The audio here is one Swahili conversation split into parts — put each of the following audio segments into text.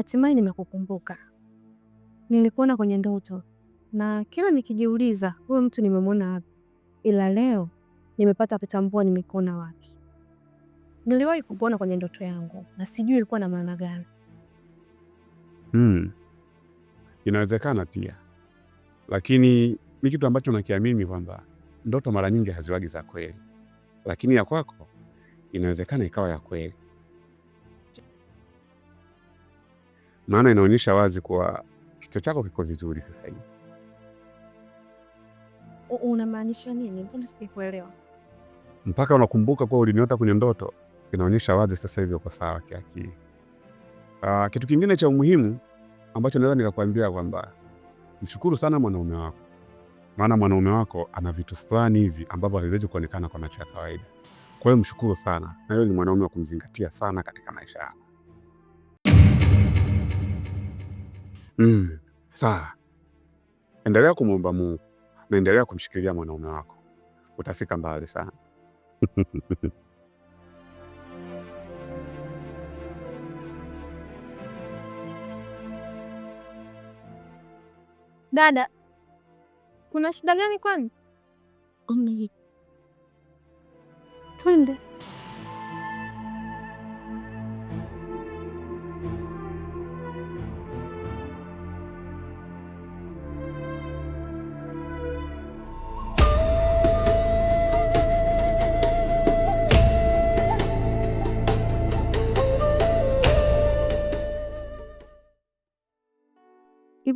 hatimaye nimekukumbuka. Nilikuona kwenye ndoto na kila nikijiuliza huyo mtu nimemwona wapi, ila leo nimepata kutambua nimekuona wapi. Niliwahi kukuona kwenye ndoto yangu na sijui ilikuwa na maana gani. Hmm. Inawezekana pia, lakini ni kitu ambacho nakiamini kwamba ndoto mara nyingi haziwagi za kweli, lakini ya kwako inawezekana ikawa ya kweli. maana inaonyesha wazi kuwa kichwa chako kiko vizuri sasa hivi. Unamaanisha nini? Mbona sijakuelewa? Mpaka unakumbuka kuwa uliniota kwenye ndoto, inaonyesha wazi sasa hivi uko sawa kiakili. Uh, kitu kingine cha umuhimu ambacho naweza nikakwambia kwamba mshukuru sana mwanaume wako, maana mwanaume wako ana vitu fulani hivi ambavyo haviwezi kuonekana kwa macho ya kawaida. Kwa hiyo mshukuru sana, na hiyo ni mwanaume wa kumzingatia sana katika maisha yako. Mm. Sawa, endelea kumwomba Mungu na endelea kumshikilia mwanaume wako, utafika mbali sana. Dada, kuna shida gani kwani? Twende.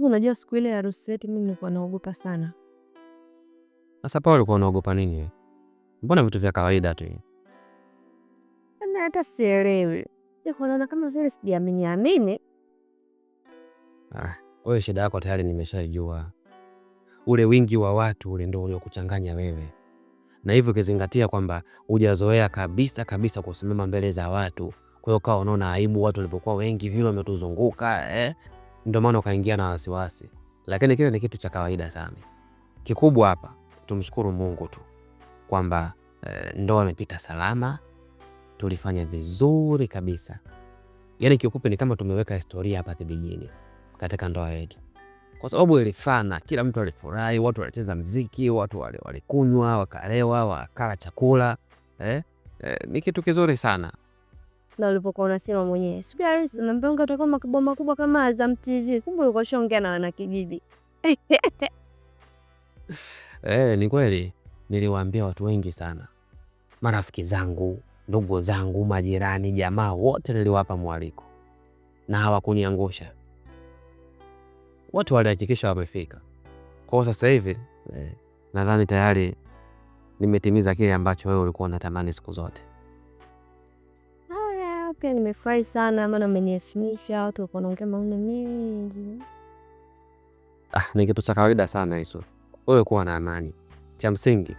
sababu unajua siku ile harusi yetu mimi nilikuwa naogopa sana. Sasa pale ulikuwa unaogopa nini? Mbona vitu vya kawaida tu. Ana yaani hata sielewi. Naona kama zile sijaamini amini. Ah, wewe shida yako tayari nimeshaijua. Ule wingi wa watu ule ndio uliokuchanganya wewe, na hivyo ukizingatia kwamba hujazoea kabisa kabisa kusimama mbele za watu, kwa hiyo ukawa unaona aibu watu walipokuwa wengi vile wametuzunguka eh? ndio maana ukaingia na wasiwasi, lakini kile ni kitu cha kawaida sana. Kikubwa hapa tumshukuru Mungu tu kwamba e, ndoa imepita salama, tulifanya vizuri kabisa. Yani kiukupi ni kama tumeweka historia hapa kijijini katika ndoa yetu, kwa sababu ilifana, kila mtu alifurahi, watu walicheza mziki, watu walikunywa, wakalewa, wakala chakula eh? Eh, ni kitu kizuri sana na ulipokuwa unasema mwenyewe, sijui harusi na mbongo utakuwa makubwa makubwa kama Azam TV, sijui ulikuwa ushaongea na wanakijiji. Eh, ni kweli niliwaambia watu wengi sana, marafiki zangu, ndugu zangu, majirani, jamaa wote niliwapa mwaliko na hawakuniangusha. Watu walihakikisha wamefika kwao. Sasa hivi eh, nadhani tayari nimetimiza kile ambacho wewe ulikuwa unatamani siku zote pia nimefurahi sana, maana umeniheshimisha, watu wako naongea maneno mengi. Ah, ni kitu cha kawaida sana hicho. Wewe kuwa na amani, cha msingi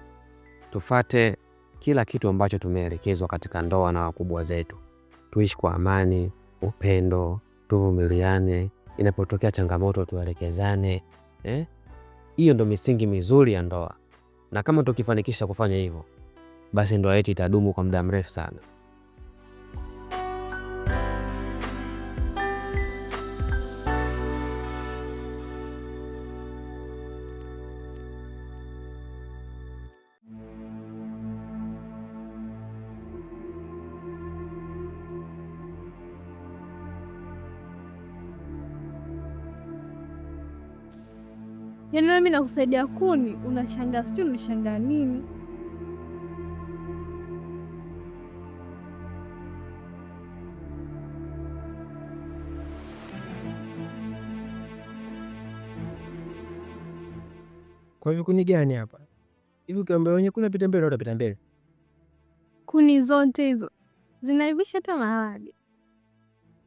tufate kila kitu ambacho tumeelekezwa katika ndoa na wakubwa zetu, tuishi kwa amani, upendo, tuvumiliane, inapotokea changamoto tuelekezane, eh? Hiyo ndo misingi mizuri ya ndoa, na kama tukifanikisha kufanya hivyo, basi ndoa yetu itadumu kwa muda mrefu sana. Yaani mimi nakusaidia kuni, unashangaa si unashangaa nini? Kwa hivyo kuni gani hapa hivi? Ukiambia wenye kuni apite mbele, utapita mbele? Kuni zote hizo zinaivisha hata maharage,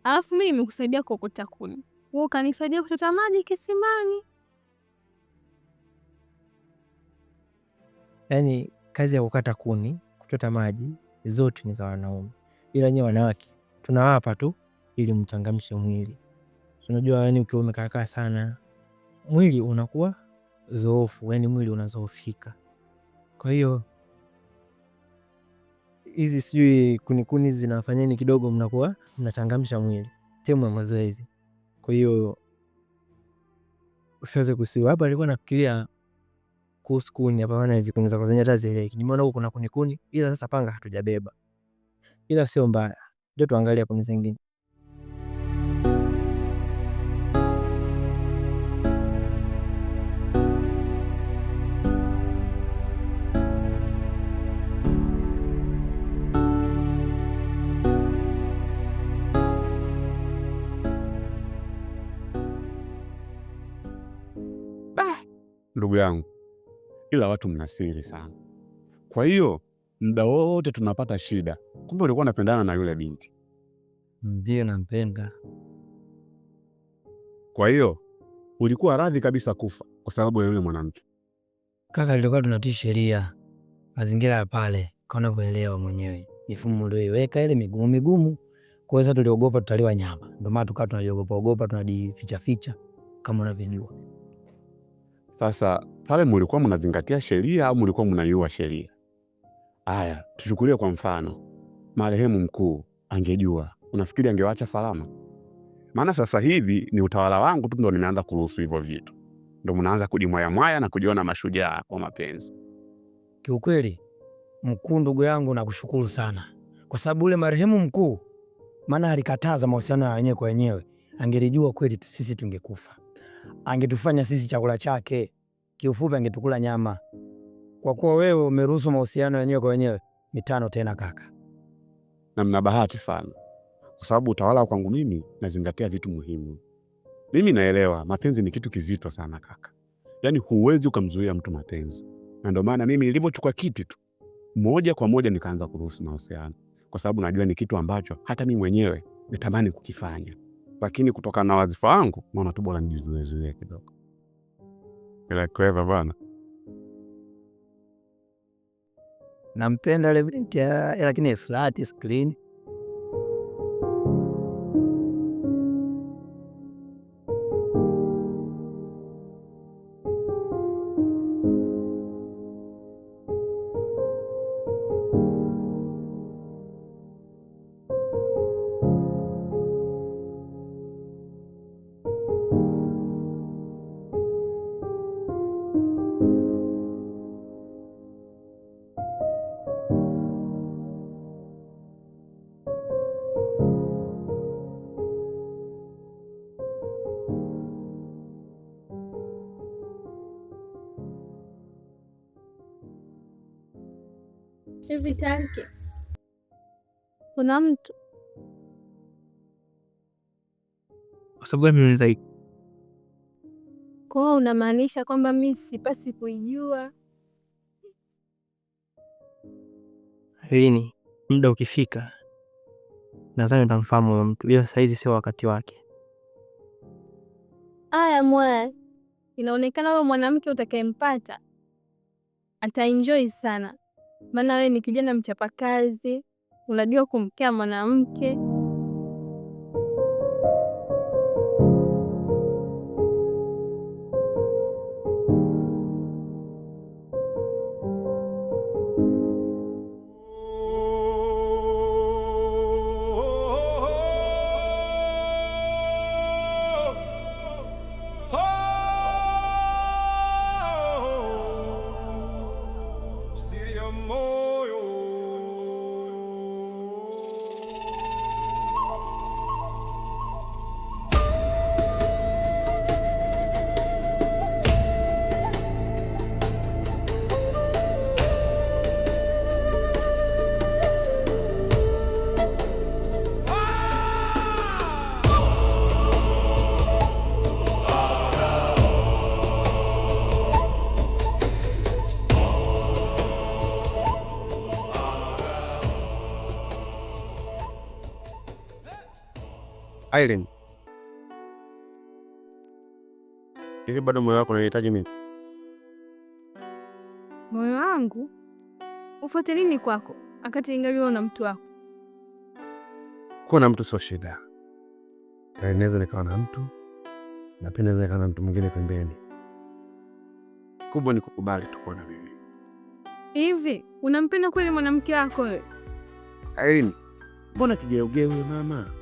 alafu mimi nimekusaidia kuokota kuni, wewe ukanisaidia kuchota maji kisimani. yani kazi ya kukata kuni, kuchota maji zote ni za wanaume, ila nyie wanawake tunawapa tu ili mchangamshe mwili. Unajua yani ukiwa umekaakaa sana mwili unakuwa dhoofu, yani mwili unazoofika. Kwa hiyo hizi sijui kunikuni zinafanyeni kidogo, mnakuwa mnachangamsha mwili sehemu ya mazoezi. Kwa hiyo Fyodhe Kusiwa hapa alikuwa nafikiria kuhusu kuni. Hapa maana hizi kuni za Tanzania hata zieleweki. Nimeona huko kuna kuni kuni, ila sasa panga hatujabeba, ila sio mbaya, ndio tuangalie kuni zingine. Ndugu yangu ila watu mnasiri sana. Kwa hiyo muda wote tunapata shida. Kumbe ulikuwa unapendana na yule binti? ndio nampenda. Kwa hiyo ulikuwa radhi kabisa kufa kwa sababu ya yule mwanamke? Kaka, ilikuwa tunatii sheria, mazingira ya pale kaona, kuelewa mwenyewe mifumo ulioiweka ile migumu migumu. kuweza tuliogopa tutaliwa nyama, ndio maana tukawa tunajiogopa ogopa, tunajifichaficha kama unavyojua. Sasa pale mulikuwa mnazingatia sheria au mulikuwa mnaiua sheria? Aya, tuchukulie kwa mfano, marehemu mkuu angejua, unafikiri angewacha salama? Maana sasa hivi ni utawala wangu tu ndo nimeanza kuruhusu hivyo vitu, ndo mnaanza kujimwayamwaya na kujiona mashujaa kwa mapenzi. Kiukweli mkuu, ndugu yangu, nakushukuru sana kwa sababu ule marehemu mkuu, maana alikataza mahusiano ya wenyewe kwa wenyewe. Angelijua kweli sisi tungekufa angetufanya sisi chakula chake. Kiufupi, angetukula nyama. Kwa kuwa wewe umeruhusu mahusiano yenyewe kwa wenyewe, mitano tena kaka, na mna bahati sana, kwa sababu utawala kwangu mimi nazingatia vitu muhimu. Mimi naelewa mapenzi ni kitu kizito sana kaka, yaani huwezi ukamzuia mtu mapenzi, na ndio maana mimi nilivyochukua kiti tu moja kwa moja nikaanza kuruhusu mahusiano, kwa sababu najua ni kitu ambacho hata mimi mwenyewe natamani kukifanya lakini kutokana na wadhifa wangu naona tu bora nijizuezuie kidogo, ila kweva bana nampenda Levility, lakini Efrati screen tanki? kuna mtu kwa sababu ameuliza hiki Kwao unamaanisha kwamba mi sipasi kuijua? Lini muda ukifika, nadhani utamfahamu huyo mtu, ila saizi sio wakati wake. Aya mwaya, inaonekana huyo mwanamke utakayempata ataenjoy sana maana wewe ni kijana mchapakazi, unajua kumkea mwanamke. Irene, hivi bado moyo wako unanihitaji mimi? Moyo wangu ufuate nini kwako, akati ingaliwa na mtu wako? Kuwa na mtu sio shida, yaani naweza nikawa na mtu na pia naweza nikawa na mtu mwingine pembeni. Kikubwa ni kukubali tu kuwa na mimi. Hivi unampenda kweli mwanamke wako wewe? Irene, mbona kigeugeu mama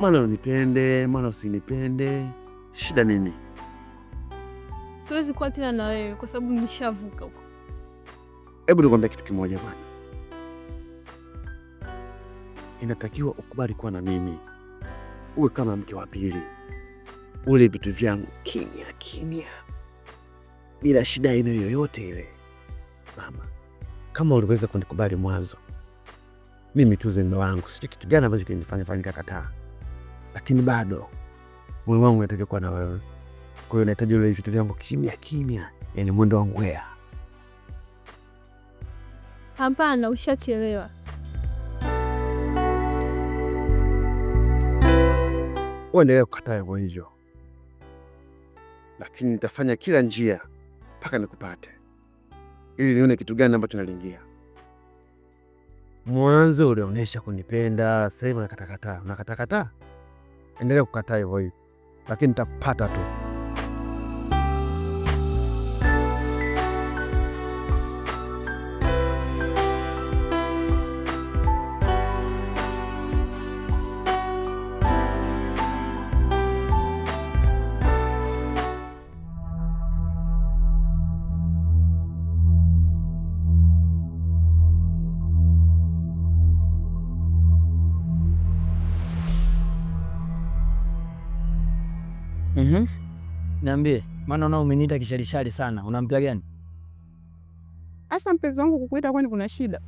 Mwana unipende mwana usinipende, shida nini? Siwezi kuwa tena na wewe kwa sababu nishavuka huko. Hebu nikwambia kitu kimoja bwana, inatakiwa ukubali kuwa na mimi, uwe kama mke wa pili, ule vitu vyangu kimya kimya, bila shida aina yoyote ile. Mama, kama uliweza kunikubali mwanzo, mimi tuze mume wangu, sio kitu gani ambacho kinifanya fanyika kataa lakini bado moyo wangu unataka kuwa na wewe. Kwa hiyo nahitaji ule vitu vyangu kimya kimya, yani mwendo wangu wea. Hapana, ushachelewa. Uendelea kukataa hivyo hivyo, lakini nitafanya kila njia mpaka nikupate, ili nione kitu gani ambacho nalingia. Mwanzo ulionyesha kunipenda, sasa hivi unakatakataa, endelea kukataa hivyo hivyo, lakini nitakupata tu. Mhm. Niambie, maana unao umeniita kisharishari sana. Una mpya gani? Asa mpenzi wangu kukuita kwani kuna shida?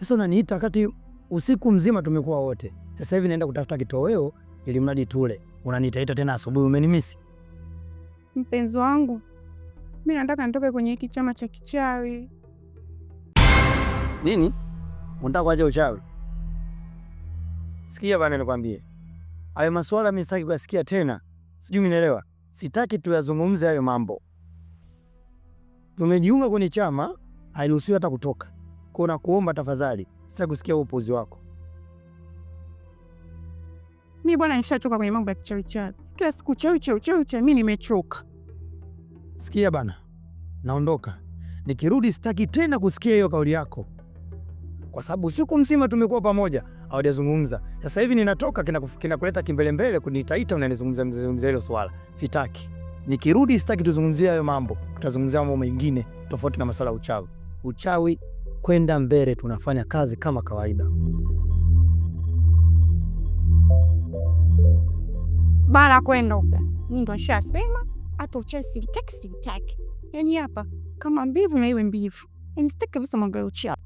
Sasa unaniita wakati usiku mzima tumekuwa wote. Sasa hivi naenda kutafuta kitoweo ili mradi tule. Unaniitaita tena asubuhi umenimisi? Mpenzi wangu, mimi nataka nitoke kwenye hiki chama cha kichawi. Nini? Unataka kuacha uchawi? Sikia bana, nikwambie. Hayo masuala mimi sitaki kuyasikia tena sijui mnaelewa. Sitaki tuyazungumze hayo mambo. Tumejiunga kwenye chama, hairuhusiwi hata kutoka Kwa na kuomba tafadhali, sitaki kusikia upuzi wako. Mi bwana, nishachoka kwenye mambo ya kichawi chawi, kila siku chawi chawi chawi chawi, mi nimechoka. Sikia bana, naondoka. Nikirudi sitaki tena kusikia hiyo kauli yako kwa sababu usiku mzima tumekuwa pamoja, hawajazungumza. Sasa hivi ninatoka, kinakuleta kimbelembele kunitaita, unanizungumza mzungumza hilo swala, sitaki. Nikirudi sitaki tuzungumzie hayo mambo, tutazungumzia mambo mengine tofauti na masuala ya uchawi. Uchawi kwenda mbele, tunafanya kazi kama kawaida. Bara kwenda huko ndo nshasema, hata uchawi sitaki, sitaki. Yani hapa kama mbivu na iwe mbivu, yani sitaki kabisa mambo ya uchawi.